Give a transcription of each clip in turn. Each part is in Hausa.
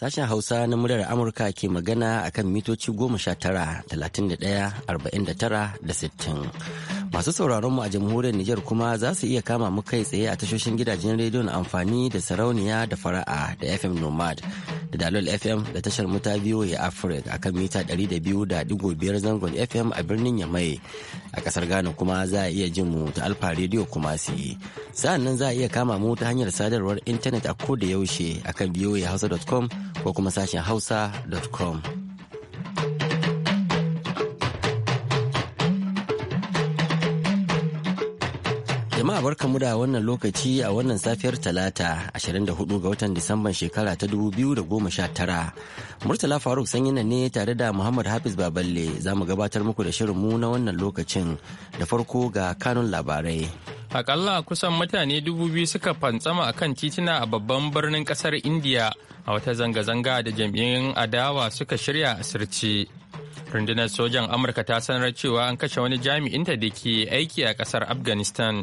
Sashen Hausa na muryar Amurka ke magana akan mitoci goma sha tara, talatin da ɗaya, arba'in da tara da sittin. Masu sauraron mu a jamhuriyar Nijar kuma za su iya kama mu kai tsaye a tashoshin gidajen rediyon amfani da sarauniya da fara'a da FM Nomad da Dalol FM da tashar muta VOA Africa kan mita 200.5 zangon FM a birnin Yamai. A kasar Ghana kuma za a iya jin mu ta Alfa Radio Kumasi. Sa'an nan za a iya kama mu ta hanyar sadarwar intanet a ko da yaushe akan Hausa.com ko kuma sashen hausa.com. Jama'a mu da wannan lokaci a wannan safiyar Talata 24 ga watan Disamban shekara ta 2019. Murtala Faruk sanyina ne tare da Muhammad Hafiz Baballe za mu gabatar muku da shirinmu na wannan lokacin da farko ga kanun labarai. Akalla kusan mutane dubu biyu suka fantsama a kan titina a babban birnin kasar India a wata zanga-zanga da jam'iyyun adawa suka shirya asirce. rundunar sojan amurka ta sanar cewa an kashe wani jami'inta da ke aiki a kasar afghanistan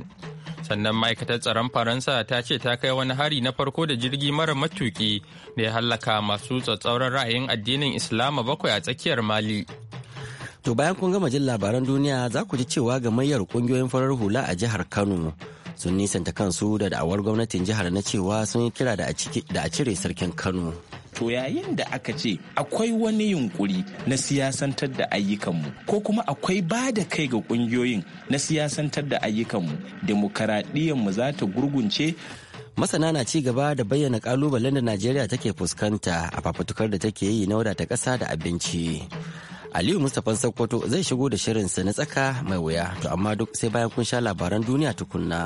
sannan ma'aikatar tsaron faransa ta ce ta kai wani hari na farko da jirgi mara matuki da ya hallaka masu tsatsauran ra'ayin addinin islama bakwai a tsakiyar mali to bayan kun gama jin labaran duniya za ku ji cewa gamayyar kungiyoyin farar hula a jihar kano sun nisanta kansu da da'awar gwamnatin jihar na cewa sun yi kira da a cire sarkin kano to yayin da aka ce akwai wani yunkuri na siyasantar da ayyukanmu ko kuma akwai ba da kai ga kungiyoyin na siyasantar da ayyukanmu demokaradiyyarmu za ta gurgunce masana na ci gaba da bayyana kalubalen da najeriya take fuskanta a fafutukar da take yi na wadata ƙasa da abinci aliyu mustapha sokoto zai shigo da shirinsa na tsaka mai wuya to amma duk sai bayan kun sha labaran duniya tukunna.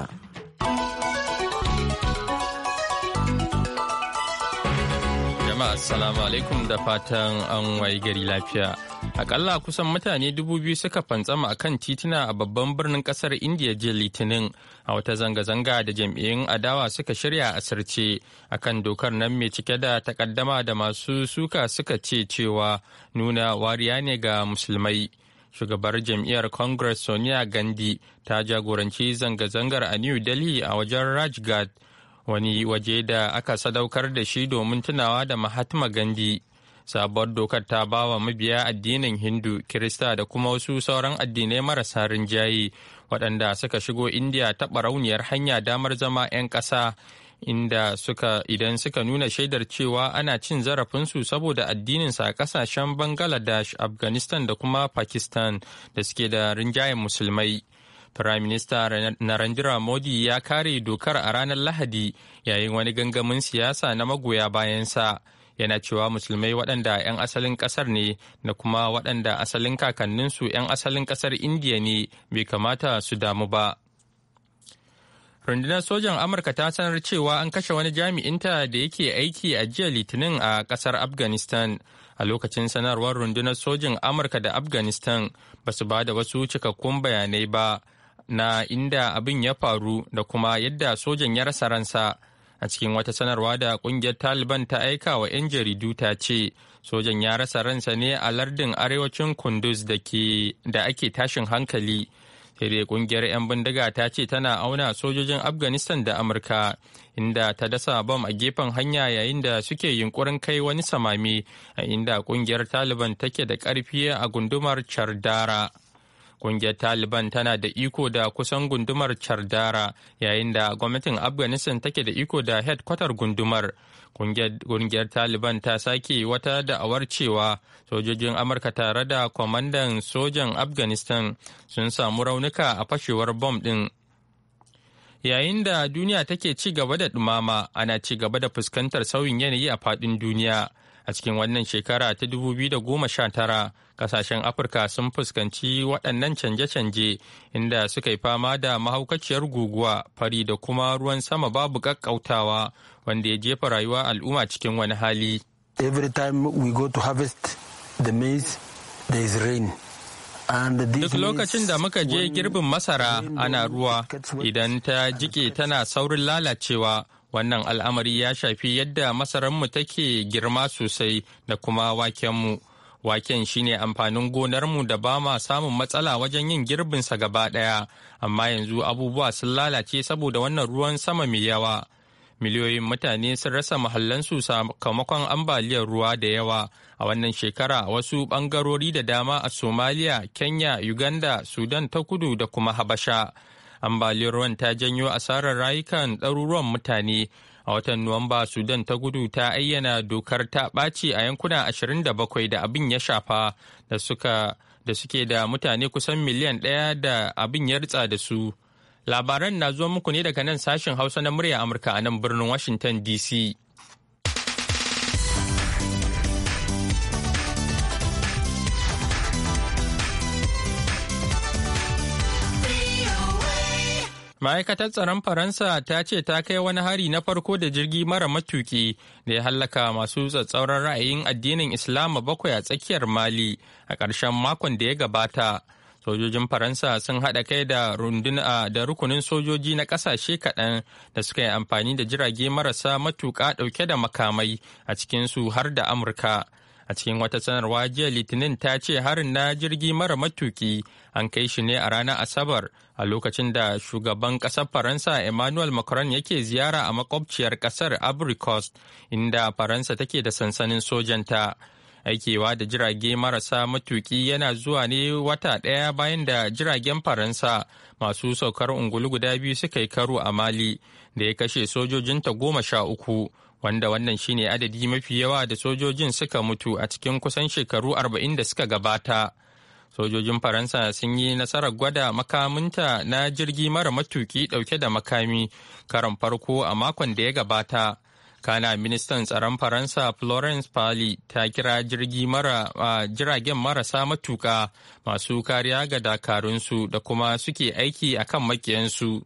Assalamu alaikum da fatan an wayi gari lafiya. Akalla kusan mutane dubu biyu suka fantsama a kan titina a babban birnin kasar India jiya Litinin a wata zanga-zanga da jam'iyyun adawa suka shirya a asirce a kan dokar nan mai cike da takaddama da masu suka suka ce cewa nuna wariya ne ga musulmai. Shugabar jam'iyyar Congress Sonia Gandhi ta jagoranci zanga-zangar a New Delhi a wajen Rajgad. wani waje da aka sadaukar da shi domin tunawa da Mahatma Gandhi. Sabuwar dokar ta ba wa mabiya addinin Hindu, Kirista da kuma wasu sauran addinai marasa rinjaye waɗanda suka shigo Indiya ta barauniyar hanya damar zama 'yan ƙasa. Inda suka idan suka nuna shaidar cewa ana cin zarafinsu saboda addininsa a ƙasashen Bangladesh, Afghanistan da kuma Pakistan da suke da rinjayen musulmai. Firaminista Narendra Modi ya kare dokar a ranar Lahadi yayin wani gangamin siyasa na magoya bayansa. Yana cewa musulmai waɗanda 'yan asalin ƙasar ne da kuma waɗanda asalin kakanninsu 'yan asalin ƙasar Indiya ne bai kamata su damu ba. Rundunar sojan Amurka ta sanar cewa an kashe wani jami'inta da yake aiki a jiya Litinin a ƙasar Afghanistan. a lokacin sanarwar rundunar sojin amurka da afghanistan ba su ba da wasu cikakkun bayanai ba na inda abin ya faru da kuma yadda sojan ya rasa ransa a cikin wata sanarwa da kungiyar taliban ta aika wa 'yan jaridu ta ce sojan ya rasa ransa ne a lardin arewacin kunduz da ake tashin hankali sai dai kungiyar 'yan bindiga ta ce tana auna sojojin afghanistan da amurka inda ta dasa bam a gefen hanya yayin da suke yunkurin kai wani samami a inda kungiyar taliban take da karfi a gundumar chardara Ƙungiyar Taliban tana da iko da kusan gundumar Chardara yayin da gwamnatin Afghanistan take da iko da headquarter gundumar. Ƙungiyar Taliban ta sake wata da'awar cewa sojojin Amurka tare da kwamandan sojan Afghanistan sun samu raunuka a fashewar bom ɗin. Yayin da duniya take ci gaba da dumama ana ci gaba da fuskantar sauyin yanayi a faɗin duniya. A cikin wannan shekara ta 2019 Kasashen Afirka sun fuskanci waɗannan canje-canje inda suka yi fama da mahaukaciyar guguwa fari da kuma ruwan sama babu ƙaƙƙautawa wanda ya jefa rayuwa al'umma cikin wani hali. Duk lokacin da muka je girbin masara ana ruwa idan ta jike tana saurin lalacewa wannan al'amari ya shafi yadda masararmu take girma sosai da kuma wakenmu Waken shine amfanin gonarmu da ba ma samun matsala wajen yin girbin sa gaba ɗaya, amma yanzu abubuwa sun lalace saboda wannan ruwan sama mai yawa. Miliyoyin mutane sun rasa mahallansu sakamakon ambaliyar ruwa da yawa a wannan shekara wasu ɓangarori da dama a Somalia, Kenya, Uganda, Sudan ta kudu da kuma Habasha. Ambaliyar ruwan ta janyo asarar rayukan ɗaruruwan mutane A watan Nuwamba, Sudan ta gudu ta ayyana dokar ta ɓaci a yankuna 27 da abin ya shafa da suka da suke da mutane kusan miliyan ɗaya da abin ya ritsa da su. Labaran na zuwa muku ne daga nan sashen Hausa na murya Amurka a nan birnin Washington DC. Ma'aikatar tsaron Faransa ta ce ta kai wani hari na farko da jirgi mara matuki da ya hallaka masu tsatsauran ra'ayin addinin Islama bakwai a tsakiyar Mali a ƙarshen makon da ya gabata. Sojojin Faransa sun haɗa kai da runduna da rukunin sojoji na ƙasashe kaɗan da suka yi amfani da jirage marasa matuƙa ɗauke da makamai a cikinsu har da Amurka. a cikin wata sanarwa jiya litinin ta ce harin na jirgi mara matuki an kai shi ne a ranar asabar a lokacin da shugaban kasar faransa emmanuel macron yake ziyara a makwabciyar ƙasar coast inda faransa take da sansanin sojanta aikewa da jirage marasa matuki yana zuwa ne wata ɗaya bayan da jiragen faransa masu saukar ungulu guda biyu suka yi karo a mali da ya kashe sojojinta goma sha uku wanda wannan shine adadi mafi yawa da sojojin suka mutu a cikin kusan shekaru arba'in da suka gabata. Sojojin Faransa sun yi nasarar gwada makaminta na jirgi mara matuki dauke da makami karan farko a makon da ya gabata. kana ministan tsaron faransa florence pali ta kira jirgi mara jiragen marasa matuka masu kariya ga dakarunsu da kuma suke aiki a kan makiyansu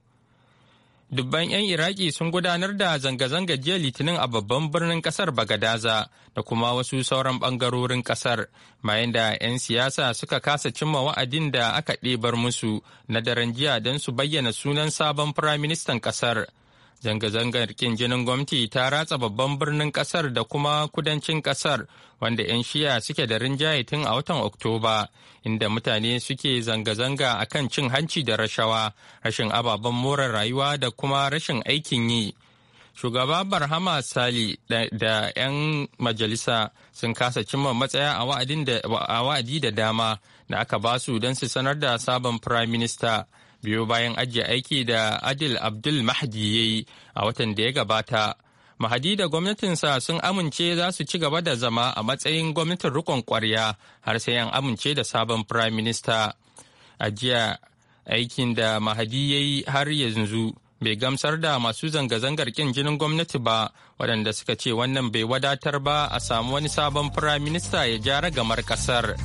dubban 'yan iraki sun gudanar da zanga-zanga jiya litinin a babban birnin kasar bagadaza da kuma wasu sauran bangarorin kasar bayan da 'yan siyasa suka kasa cimma wa'adin da aka ɗebar musu na daren jiya don su bayyana sunan sabon firaministan kasar Zanga-zangar kin jinin gwamnati ta ratsa babban birnin kasar da kuma kudancin kasar wanda 'yan shiya suke da rinjaye tun a watan Oktoba, inda mutane suke zanga-zanga a kan cin hanci da rashawa, rashin ababen more rayuwa da kuma rashin aikin yi. Shugaba Barhama Sali da 'yan majalisa sun kasa cimma matsaya a wa'adi da dama da aka basu don su sanar da sabon Prime Minister. biyo bayan ajiye aiki da Adil Abdul Mahdi ya yi a watan da ya gabata. Mahadi da gwamnatinsa sun amince za su ci gaba da zama a matsayin gwamnatin rikon kwarya har sai an amince da sabon Prime Minister. Ajiya aikin da Mahadi ya yi har yanzu bai gamsar da masu zanga-zangar kin jinin gwamnati ba waɗanda suka ce wannan bai wadatar ba a samu wani sabon Prime Minister ya ja ragamar ƙasar.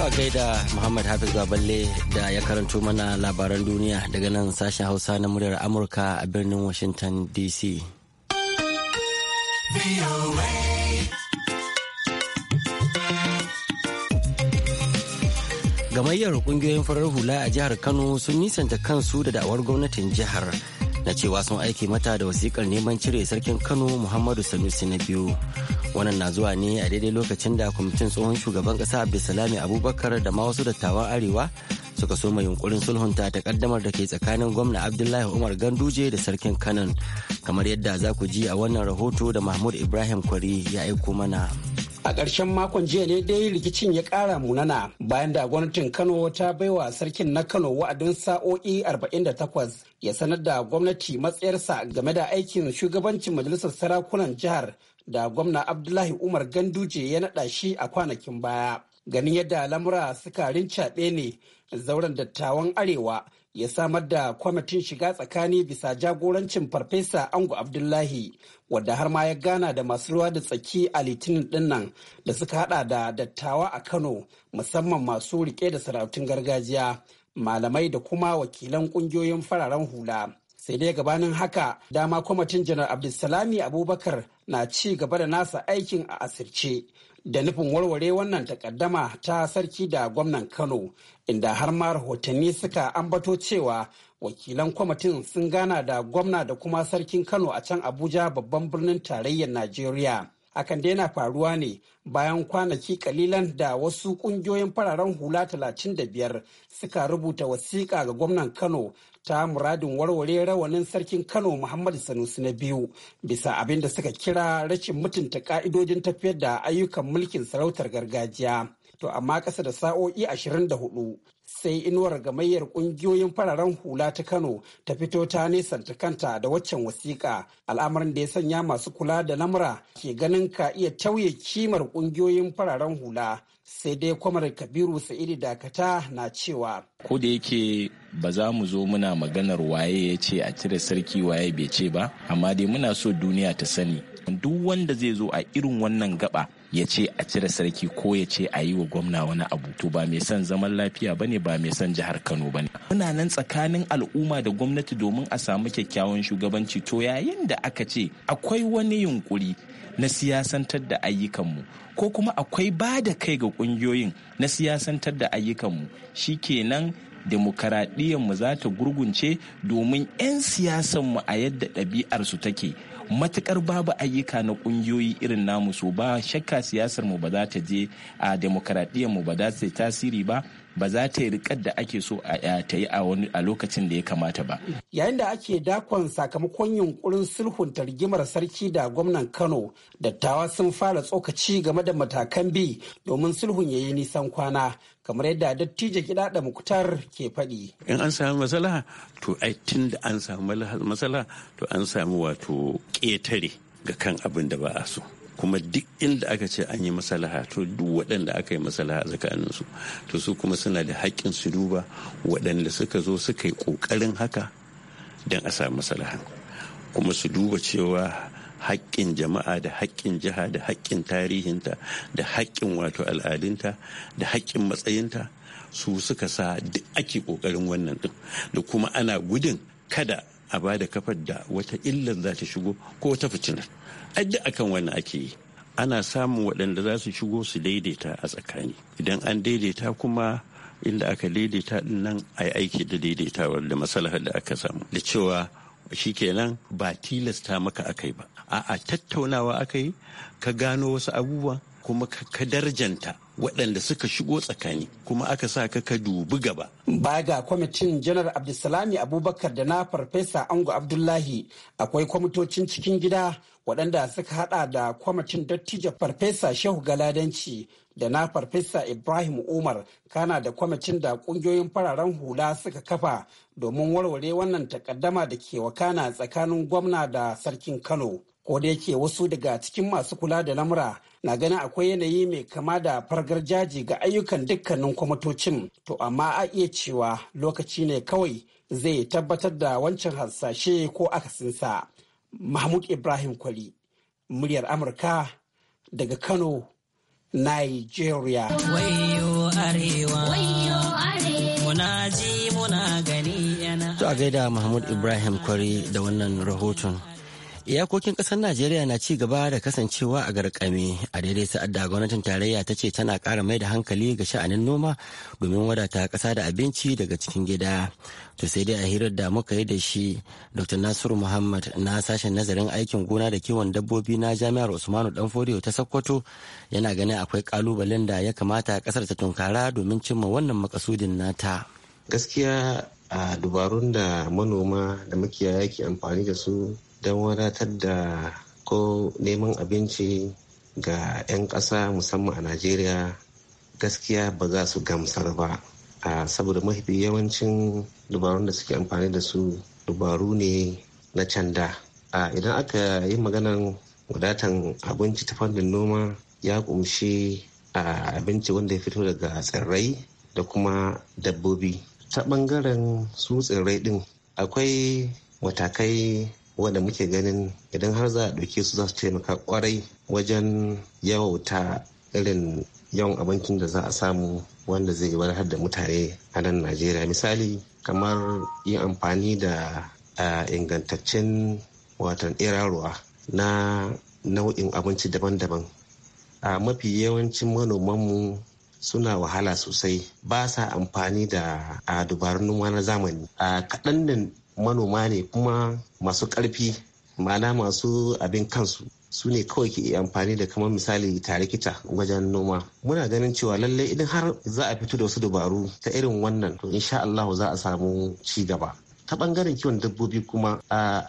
Ba gaida Muhammad Hafiz Baballe da ya karanto mana labaran duniya daga nan sashen Hausa na muryar Amurka a birnin Washington DC. Gamayyar kungiyoyin farar hula a jihar Kano sun nisanta kansu da da'awar gwamnatin jihar. na cewa sun aiki mata da wasikar neman cire sarkin kano muhammadu sanusi na biyu wannan na zuwa ne a daidai lokacin da kwamitin tsohon shugaban kasa abdulsalami abubakar da ma wasu dattawan arewa suka so mai yunkurin sulhunta takaddamar da ke tsakanin gwamna abdullahi umar ganduje da sarkin kanan kamar yadda za ku ji a wannan rahoto da mahmud ibrahim kwari ya aiko mana. a ƙarshen makon jiya ne dai rikicin ya ƙara munana bayan da gwamnatin kano ta baiwa sarkin na kano wa'adin sa'o'i 48 ya sanar da gwamnati matsayarsa game da aikin shugabancin majalisar sarakunan jihar da gwamna abdullahi umar ganduje ya naɗa shi a kwanakin baya ganin yadda lamura suka rincaɓe ne zauren dattawan arewa ya samar da kwamitin shiga tsakani bisa jagorancin farfesa ango abdullahi wadda har ma ya gana da masu ruwa da tsaki a litinin dinnan da suka hada da dattawa a kano musamman masu rike da sarautun gargajiya malamai da kuma wakilan kungiyoyin fararen hula sai dai gabanin haka dama kwamitin janar abdulsalami abubakar na ci gaba da nasa aikin a asirce da nufin warware wannan takaddama ta sarki da gwamnan kano inda har ma rahotanni suka ambato cewa wakilan kwamitin sun gana da gwamna da kuma sarkin kano a can abuja babban birnin tarayyar najeriya hakan dai na faruwa ne bayan kwanaki kalilan da wasu kungiyoyin fararen hula 35 suka rubuta wasiƙa ga gwamnan kano ta muradin warware rawanin sarkin kano Muhammad sanusi na biyu bisa abinda suka kira rashin mutunta ka'idojin tafiyar da ayyukan mulkin sarautar gargajiya to amma ƙasa da sa'o'i 24 sai inuwar gamayyar ƙungiyoyin fararen hula ta kano ta fito ta nesanta kanta da waccan wasiƙa al'amarin da ya sanya masu kula da lamura ke ganin ka iya tauye kimar ƙungiyoyin fararen hula sai dai kwamar kabiru sa'idu dakata na cewa ko da yake ba za mu zo muna maganar waye ya ce a cire sarki waye bai ce ba amma dai muna so duniya ta sani duk wanda zai zo a irin wannan gaba ya ce a cire sarki ko ya ce a yi wa gwamna wani abu to ba mai son zaman lafiya ba ne? ba mai son jihar Kano ba ne? muna nan tsakanin al'umma da gwamnati domin a samu kyakkyawan shugabanci to yayin da aka ce akwai wani yunkuri na siyasantar da ayyukanmu ko kuma akwai ba da kai ga kungiyoyin na siyasantar da ayyukanmu shikenan demokaradiyyarmu za ta gurgunce domin 'yan siyasanmu a yadda ɗabi'arsu take matukar babu ayyuka na kungiyoyi irin namu su ba shakka siyasar mu ba za ta je a demokaradiyyar mu ba za ta tasiri ba ba za ta yi rikar da ake so a ta yi a lokacin da ya kamata ba. Yayin da ake dakon sakamakon yunkurin sulhunta rigimar sarki da gwamnan Kano, dattawa sun fara tsokaci game da matakan bi domin sulhun ya yi nisan kwana, kamar yadda dattijo gida da muktar ke faɗi. In an samu matsala, to ai tun da an samu matsala, to an samu wato ƙetare ga kan abin da ba a so. kuma duk inda aka ce an yi masalaha to duk waɗanda aka yi masalaha tsakanin su to su kuma suna da haƙƙin su duba waɗanda suka zo suka yi ƙoƙarin haka don a samu masalaha kuma su duba cewa haƙƙin jama'a da haƙƙin jiha da haƙƙin tarihinta da haƙƙin wato al'adunta da haƙƙin matsayinta su suka sa duk ake ƙoƙarin wannan din da kuma ana gudun kada a ba da kafar da wata illar za ta shigo ko wata fitinar duk akan wani ake yi ana samun waɗanda za su shigo su daidaita a tsakani idan an daidaita kuma inda aka daidaita din nan a yi aiki da daidaitawar da masalahar da aka samu da cewa shi shikenan ba tilasta maka akai ba a'a tattaunawa aka yi ka gano wasu abubuwa kuma ka darjanta waɗanda suka shigo tsakani kuma aka sa ka ka dubi gaba. Baya ga kwamitin janar Abdulsalami Abubakar da na farfesa Ango Abdullahi akwai kwamitocin cikin gida waɗanda suka hada da kwamitin dattijo farfesa shehu galadanci da na farfesa ibrahim umar kana da kwamitin da ƙungiyoyin fararen hula suka kafa domin warware wannan takaddama da ke wakana tsakanin gwamna da sarkin kano ko da yake wasu daga cikin masu kula da lamura na ganin akwai yanayi mai kama da fargar jaji ga ayyukan dukkanin kwamitocin to amma a iya cewa lokaci ne kawai zai tabbatar da wancan hasashe ko akasinsa Mahmud Ibrahim Kwali, muryar Amurka daga Kano, Nigeria. Wayo arewa. Muna ji To a gaida Mahmud Ibrahim Kwari da wannan rahoton. iyakokin ƙasar najeriya na ci gaba da kasancewa a garkame a daidai sa'ad da gwamnatin tarayya ta ce tana ƙara mai da hankali ga sha'anin noma domin wadata ƙasa da abinci daga cikin gida to sai dai a hirar da muka yi da shi dr nasiru muhammad na sashen nazarin aikin gona da kiwon dabbobi na jami'ar usmanu danfodiyo ta sokoto yana ganin akwai kalubalen da ya kamata ƙasar ta tunkara domin cimma wannan makasudin nata gaskiya a dubarun da manoma da makiyaya ke amfani da su don wadatar da ko neman abinci ga 'yan ƙasa musamman a najeriya gaskiya ba za su gamsar ba saboda mafi yawancin dubarun da suke amfani da su dubaru ne na canda idan aka yi maganan wadatan abinci ta fannin noma ya a abinci wanda ya fito daga tsirrai da kuma dabbobi ta ɓangaren su tsirrai din akwai matakai wanda muke ganin idan har za a ɗauke su za su taimaka kwarai wajen yawauta irin yawan abincin da za a samu wanda zai warhar da mutane a nan najeriya misali kamar yin amfani da ingantaccen watan iraruwa na nau'in abinci daban-daban a mafi yawancin manomanmu suna wahala sosai ba sa amfani da a dubarun noma na zamani a kaɗan manoma ne kuma masu ƙarfi ma'ana masu abin kansu su ne kawai ke amfani da kamar misali tare kita wajen noma muna ganin cewa lallai idan har za a fito da wasu dabaru ta irin wannan to insha Allah za a samu ci gaba ta bangaren kiwon dabbobi kuma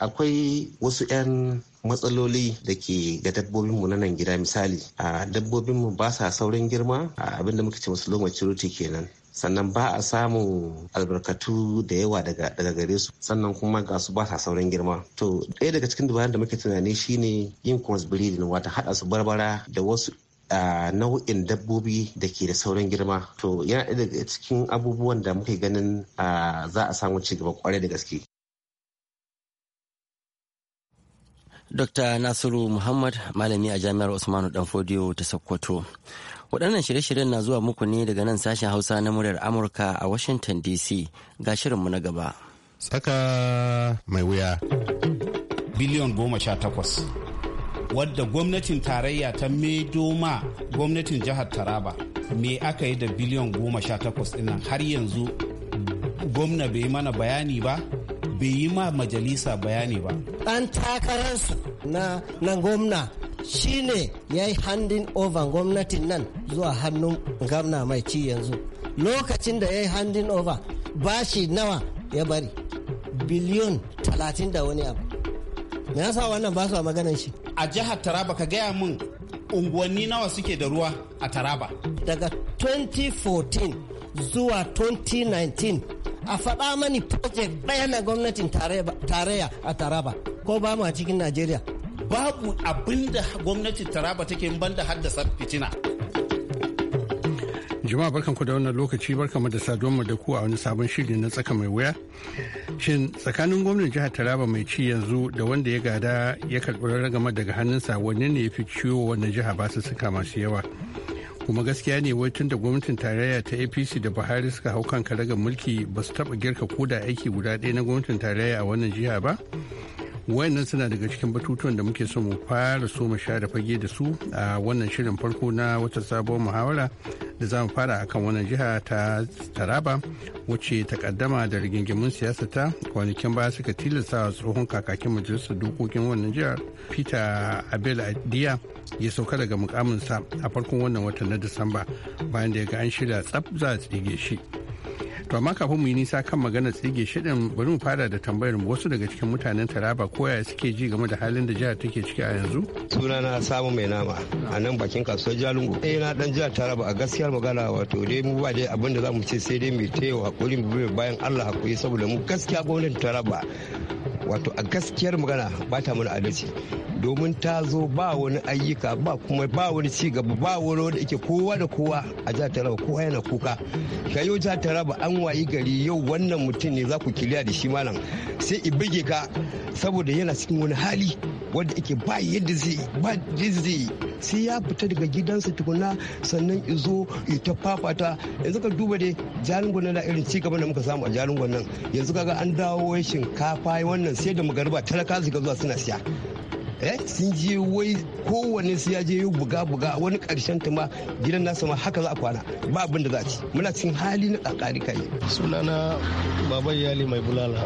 akwai wasu 'yan matsaloli da ke ga dabbobinmu na nan gida misali a dabbobinmu ba sa saurin girma abinda muka ce masu lomaci kenan sannan ba a samun albarkatu da yawa daga gare su sannan kuma ga su ba sa sauran girma to ɗaya daga cikin dubaran da muke tunani shine yin breeding wata haɗa su barbara da wasu a nau'in dabbobi da ke da sauran girma to yana ɗaya daga cikin abubuwan da muke ganin za a samu ci gaba kwarai da gaske Dr. Nasiru Muhammad malami a jami'ar Usmanu Danfodiyo ta Sokoto. Waɗannan shirye-shiryen na zuwa muku ne daga nan sashen Hausa na muryar Amurka a Washington DC ga shirinmu na gaba. Tsaka mai wuya. Biliyon goma sha takwas. Wadda gwamnatin tarayya ta ma gwamnatin jihar Taraba. Me aka yi da biliyon goma sha takwas ɗinnan har yanzu gwamna bai mana bayani ba bai yi ma majalisa bayani ba. Ɗan takararsu na, na gwamna Shi ne ya yi handin over gwamnatin nan zuwa hannun gamna mai ci yanzu lokacin da ya yi handin over bashi nawa ya bari biliyon talatin da wani abu me yasa wannan ba su a maganan shi a jihar taraba ka gaya mun unguwanni nawa suke da ruwa a taraba daga 2014 zuwa 2019 a faɗa mani project ɗaya na gwamnatin tarayya a taraba ko ba mu a cikin najeriya babu abinda gwamnatin taraba take banda haddasa fitina jama'a ku da wannan lokaci barkanmu da saduwanmu da ku a wani sabon shiri na tsaka mai wuya shin tsakanin gwamnan jihar taraba mai ci yanzu da wanda ya gada ya karɓi ragama daga hannunsa wanne ne ya fi ciwo wannan jiha ba su suka masu yawa kuma gaskiya ne wai tun da gwamnatin tarayya ta apc da buhari suka hau kan ragar mulki ba su taɓa girka koda aiki guda ɗaya na gwamnatin tarayya a wannan jiha ba wayannan suna daga cikin batutuwan da muke son mu fara so mu share fage da su a wannan shirin farko na wata sabuwar muhawara da za mu fara akan wannan jiha ta taraba wacce ta kaddama da rigingimun siyasa ta kwanakin baya suka tilasta tsohon kakakin majalisar dokokin wannan jihar peter abel adiya ya sauka daga mukaminsa a farkon wannan watan na disamba bayan da ya ga an shirya tsab za a tsige shi to amma kafin mu yi nisa kan maganar tsige shirin bari mu fara da tambayar mu wasu daga cikin mutanen taraba koya suke ji game da halin da jihar take ciki a yanzu sunana samu mai nama a nan bakin kasuwar jalingo eh na dan jihar taraba a gaskiyar magana wato dai mu ba dai abin da za mu ce sai dai mu taya hakuri mu bayan allah hakuri saboda mu gaskiya gwamnatin taraba wato a gaskiyar magana ba ta mana adalci domin ta zo ba wani ayyuka ba kuma ba wani ci ba wani wanda yake kowa da kowa a jihar taraba kowa yana kuka ka yau jihar taraba an wayi gari yau wannan mutum ne za ku kiliya da shi malam sai i bige ka saboda yana cikin wani hali wanda yake ba yadda zai ba sai ya fita daga gidansa tukuna sannan izo ta fafata yanzu ka duba dai jalingon da irin ci da muka samu a jalingon nan yanzu kaga an dawo shinkafa wannan sai da magariba talaka zuwa suna siya Eh? sun je wai kowane su ya je yi buga buga wani karshen ta ma gidan nasa ma haka za a kwana ba abin da za ci muna cikin hali na kakari kai sunana baban yali mai bulala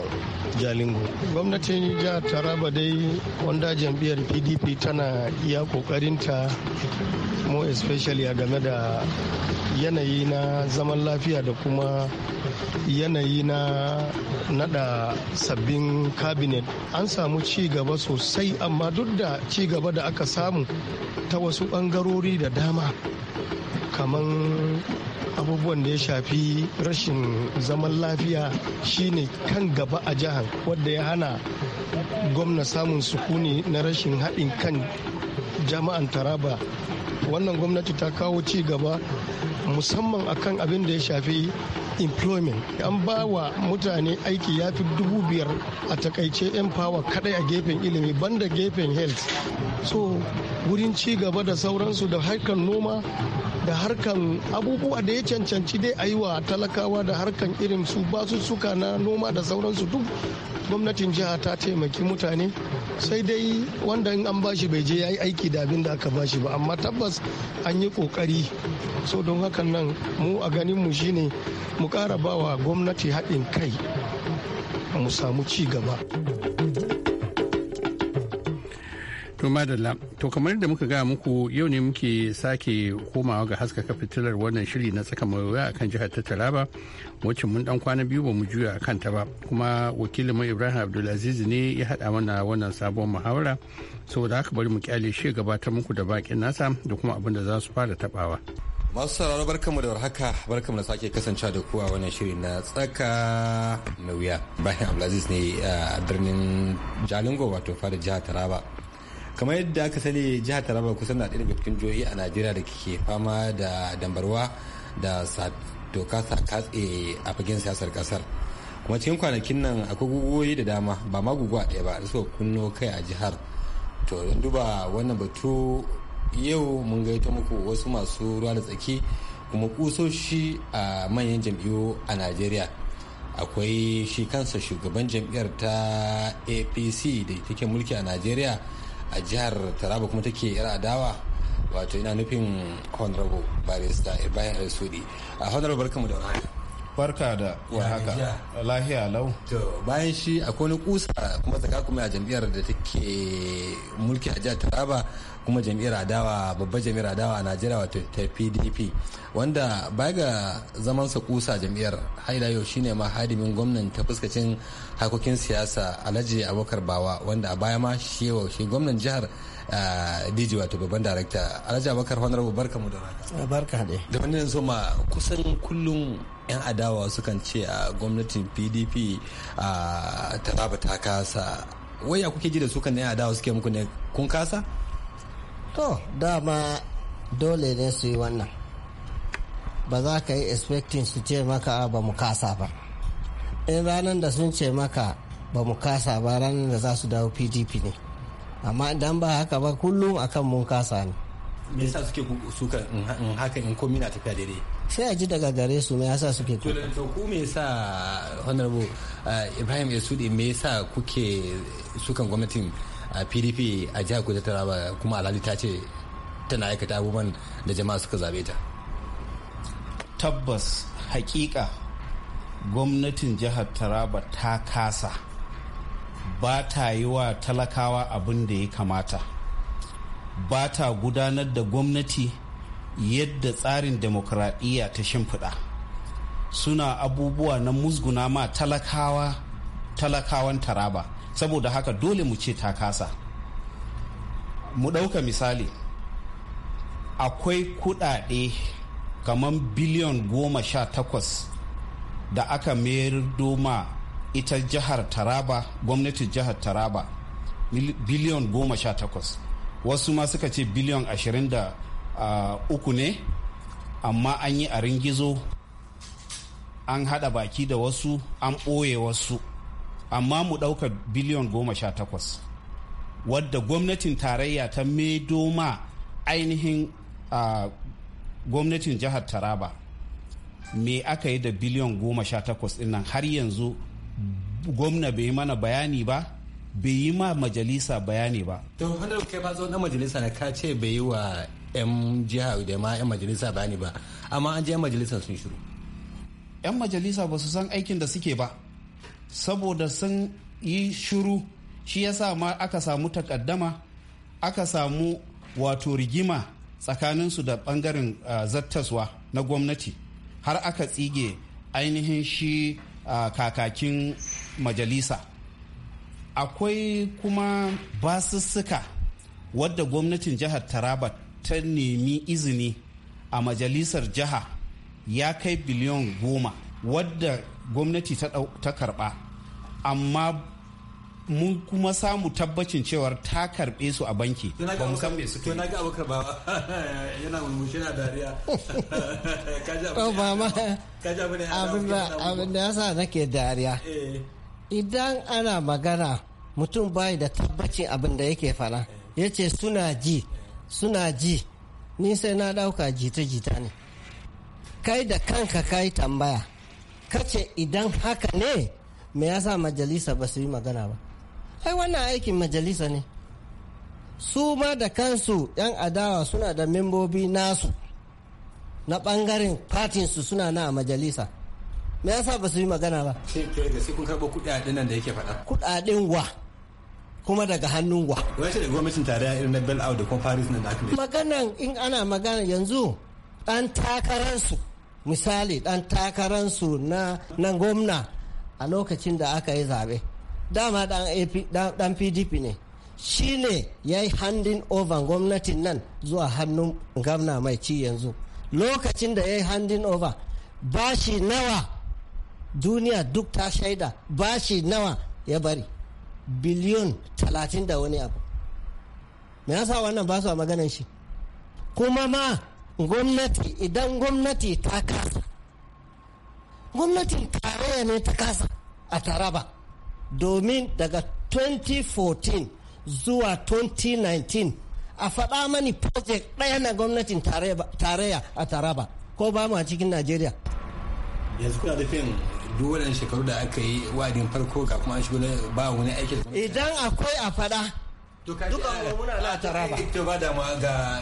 jalingo gwamnatin jihar taraba dai wanda jam'iyyar pdp tana iya kokarinta mo especially a game da yanayi na zaman lafiya da kuma yanayi na nada sabbin cabinet an samu ci gaba sosai amma duk duk da ci gaba da aka samu ta wasu ɓangarori da dama kamar abubuwan da ya shafi rashin zaman lafiya shine kan gaba a jihar wadda ya hana gwamna samun sukuni na rashin haɗin kan jama'an taraba wannan gwamnati ta kawo ci gaba musamman akan abin da ya shafi employment an ba wa mutane aiki ya fi dubu biyar a takaice yan kadai a gefen ilimi banda gefen health so wurin ci gaba da sauransu da harkan noma da harkan abubuwa da ya cancanci dai a yi wa talakawa da harkan irin su basussuka na noma da sauransu duk gwamnatin jiha ta taimaki mutane sai dai wanda in an bashi bai je ya yi aiki da abin da aka bashi ba amma tabbas an yi kokari so don hakan nan mu a ganin mu shine mu kara bawa gwamnati haɗin kai mu samu ci gaba. To madalla, to kamar da muka gaya muku yau ne muke sake komawa ga haskaka fitilar wannan shiri na tsaka mai wuya akan jihar ta Taraba, wacce mun dan kwana biyu ba mu juya a kanta ba. Kuma wakilin Ibrahim Abdulaziz ne ya haɗa mana wannan sabon muhawara. Saboda haka bari mu kyale shi gabatar muku da bakin nasa da kuma abin da za su fara tabawa. Masu sauraro barkamu da warhaka barkamu da sake kasancewa da kowa wannan shiri na tsaka mai wuya. Ibrahim Abdulaziz ne eh, a birnin Jalingo wato fada jihar Taraba. kamar yadda aka sani jihar taraba kusan na ɗaya daga cikin jihohi a najeriya da ke fama da dambarwa da doka sa katse a fagen siyasar kasar kuma cikin kwanakin nan akwai guguwoyi da dama ba ma guguwa ɗaya ba da suka kunno kai a jihar to don duba wannan batu yau mun gaita muku wasu masu ruwa da tsaki kuma kusoshi a manyan jam'iyyu a najeriya akwai shi kansa shugaban jam'iyyar ta apc da take mulki a najeriya a jihar taraba kuma take yar adawa wato ina nufin honorable barista ibrahim al-sudi a honorable barkamu da warhaka barka da haka lahiya lau to bayan shi akwai wani kusa kuma tsaka kuma a jam'iyyar da take mulki a jihar taraba kuma jam'iyyar adawa babbar jam'iyyar adawa a najeriya wato ta pdp wanda baya ga zamansa kusa jam'iyyar haila yau shine ma hadimin gwamnan ta fuskacin harkokin siyasa alhaji abubakar bawa wanda a baya ma shi gwamnan jihar DJ wato babban darakta Alhaji Abubakar Honorable eh, barka mu da rana. Barka ne. Da wannan yanzu ma kusan kullum 'yan adawa sukan ce a gwamnatin PDP a taraba ta kasa. Waya kuke ji da sukan 'yan adawa suke muku ne kun kasa? To dama dole ne su yi wannan. Ba za ka yi expecting su ce maka ah, ba mu kasa ba. In ranar da sun ce maka ba mu kasa ba ranar da za su dawo PDP ne. amma idan ba haka ba kullum akan mun kasa ne me yasa suke suka in haka in komi na tafiya daidai sai a ji daga gare su me yasa suke kuka to ku me yasa honorable uh, Ibrahim Esudi me yasa kuke sukan gwamnatin PDP uh, a jihar Kudu Taraba kuma alhali ta ce tana aikata abubuwan da jama'a suka zabe ta tabbas hakika gwamnatin jihar Taraba ta kasa ba ta yi wa talakawa abin da ya kamata ba ta gudanar da gwamnati yadda tsarin demokuraɗiyya ta shimfiɗa suna abubuwa na musguna ma talakawa talakawan taraba saboda haka dole mu ce ta kasa mu ɗauka misali akwai kuɗaɗe kamar biliyan goma sha takwas da aka mayar doma ita jihar taraba gwamnatin jihar taraba biliyon goma sha takwas wasu ma suka ce biliyon ashirin da uku ne amma an yi a ringizo an hada baki da wasu an ɓoye wasu amma mu ɗauka biliyon goma sha takwas wadda gwamnatin tarayya ta maido ma ainihin gwamnatin jihar taraba me aka yi da biliyon goma sha takwas har yanzu gwamna bai yi mana bayani ba bai yi ma majalisa bayani ba. To hannun kai ba zo na majalisa na ka ce bai yi wa 'yan jiha da ma 'yan majalisa bayani ba amma an je 'yan majalisa sun shiru. 'yan majalisa ba su san aikin da suke ba saboda sun yi shiru shi ya sa ma aka samu takaddama aka samu wato rigima tsakaninsu da bangaren ah, zattaswa na gwamnati har aka tsige ainihin shi a kakakin majalisa akwai kuma basussuka wadda gwamnatin jihar taraba ta nemi izini a majalisar jiha ya kai biliyon goma wadda gwamnati ta karba amma mun kuma samu tabbacin cewar ta karbe su a banki ba mu san me suke to ga abokar ba yana mulmushi na dariya oh. abin ba oh, ma abin da yasa nake dariya eh. idan ana magana mutum bai da tabbacin abin da yake fara eh. yace suna ji suna ji ni sai na dauka jita-jita ne kai da kanka kai tambaya kace idan haka ne me yasa majalisa ba su yi magana ba ai wannan aikin majalisa ne su ma da kansu 'yan adawa suna da membobi nasu na bangaren su suna na a majalisa me yasa ba su yi magana ba sai kun karɓo kuɗaɗen nan da yake faɗa kuɗaɗen wa kuma daga hannun wa shi da gwamnatin tarayya irin na bel out da kuma paris na aka maganan in ana magana yanzu dan takararsu misali dan takararsu na na gwamna a lokacin da aka yi zaɓe dama dan pdp ne shi ne ya yi handin over gwamnatin nan zuwa hannun gamna mai ci yanzu lokacin da ya yi handin over bashi nawa duniya duk ta shaida bashi nawa ya bari biliyon talatin da wani abu me sa wannan ba su a maganan shi kuma ma gwamnati idan gwamnati ta kasa gwamnatin tarayya ne ta kasa a taraba domin daga 2014 zuwa 2019 a faɗa mani project ɗaya na gwamnatin tarayya a taraba ko ba mu a cikin najeriya yanzu kuna nufin duk wadannan shekaru da aka yi wa'adin farko ga kuma an shigo ba wani aikin idan akwai a faɗa duka muna na eh,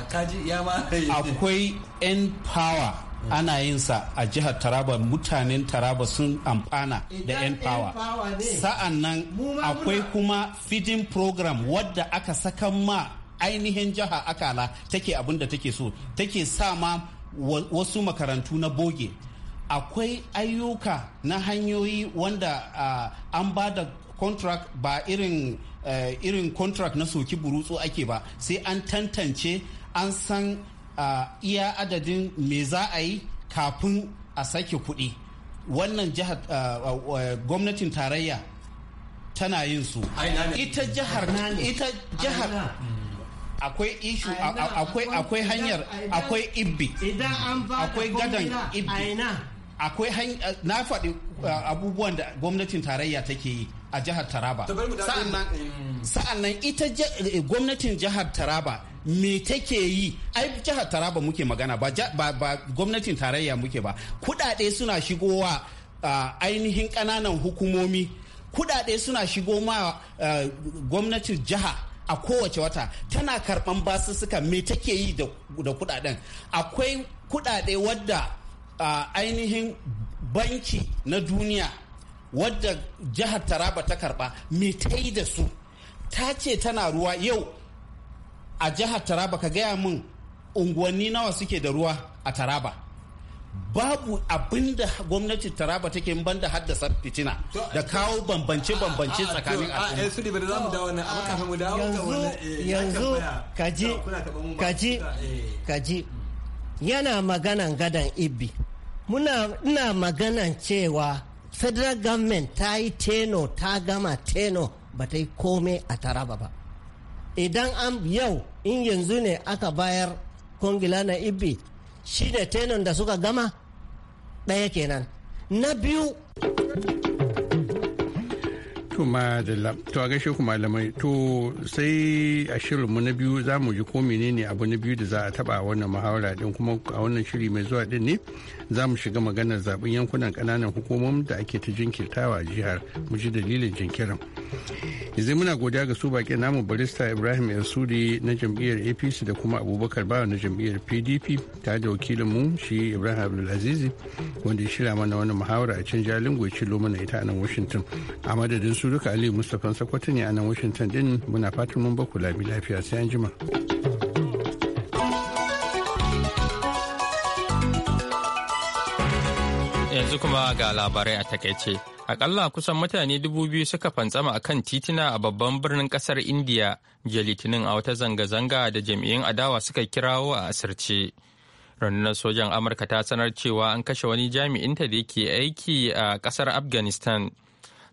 taraba akwai 'yan power ana yin sa a jihar taraba mutanen taraba sun amfana da yan power sa'an nan akwai kuma feeding program wadda aka sakan ma ainihin jiha akala take abin da take so take sa ma wasu makarantu na boge akwai ayyuka na hanyoyi wanda uh, an ba da contract ba irin uh, irin contract na soki burutsu ake ba sai an tantance an san a iya adadin me za a yi kafin a sake kuɗi wannan jihar gwamnatin tarayya tana yin su ita jihar ita jihar akwai ishu akwai akwai hanyar akwai ibbi akwai gadan ibbi akwai na faɗi abubuwan da gwamnatin tarayya take yi a jihar Taraba. Sa'an nan ita eh, gwamnatin jihar Taraba me take yi ai jihar Taraba muke magana ba gwamnatin tarayya muke ba kudade suna shigowa ah, ainihin kananan hukumomi kudade suna shigo ma eh, gwamnatin jiha a kowace wata tana karban basussuka me take yi da kudaden akwai kudade wadda ah, ainihin banki na duniya wadda jihar taraba ta karba me ta yi da su ta ce tana ruwa yau a jihar taraba ka gaya min unguwanni nawa suke da ruwa a taraba babu abin da gwamnati taraba take ban da haddasa fitina da kawo bambance-bambance tsakanin eh, yanzu kaji kaji kaji yana maganan gadan ibi muna ina maganan cewa federal government ta yi teno ta gama teno ba ta yi komai a taraba ba idan an yau in yanzu ne aka bayar kongila na ibi shi ne tenon da suka gama ɗaya kenan na biyu To madalla, to a gaishe ku malamai, to sai a shirinmu na biyu za mu ji ko menene abu na biyu da za a taba a wannan muhawara din kuma a wannan shiri mai zuwa din ne za mu shiga maganar zaben yankunan kananan hukumomin da ake ta jinkirtawa a jihar mu ji dalilin jinkirin. Yanzu muna godiya ga su baƙi namu barista Ibrahim Yansuri na jam'iyyar APC da kuma Abubakar Bawa na jam'iyyar PDP tare da wakilinmu shi Ibrahim Abdulazizi wanda ya shirya mana wannan muhawara a can Jalingo ya cilo mana ita a nan Washington a madadin su duka aliyu mustapha sakwato ne a nan washington din muna fatan mun baku labi lafiya sai an jima yanzu kuma ga labarai a takaice akalla kusan mutane dubu biyu suka fantsama a kan titina a babban birnin kasar indiya jiya litinin a wata zanga-zanga da jam'iyyun adawa suka kirawo a asirce rundunar sojan amurka ta sanar cewa an kashe wani jami'inta da yake aiki a kasar afghanistan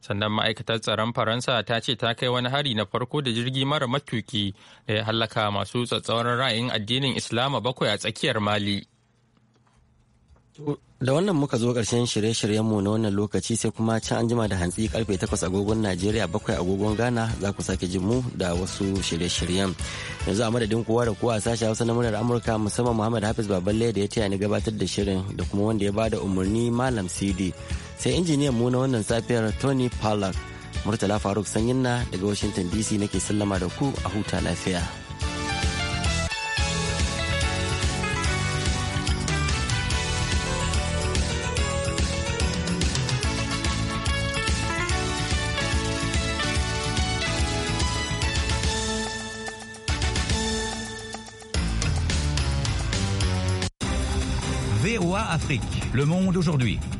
sannan ma'aikatar tsaron faransa ta ce ta kai wani hari na farko da jirgi mara matuki da ya hallaka masu tsatsauran ra'ayin addinin islama bakwai a tsakiyar mali da wannan muka zo ƙarshen shirye-shiryenmu na wannan lokaci sai kuma can an jima da hantsi karfe 8 agogon najeriya bakwai agogon ghana za ku sake jin mu da wasu shirye-shiryen yanzu a madadin kowa da kowa sashi hausa na murnar amurka musamman muhammad hafiz baballe da ya taya ni gabatar da shirin da kuma wanda ya bada umarni malam cd C'est injiniyan mu na wannan safiyar tony Pollack. murtala faruk sanyinna daga washington dc nake sallama da ku a huta lafiya Afrique. Le monde aujourd'hui.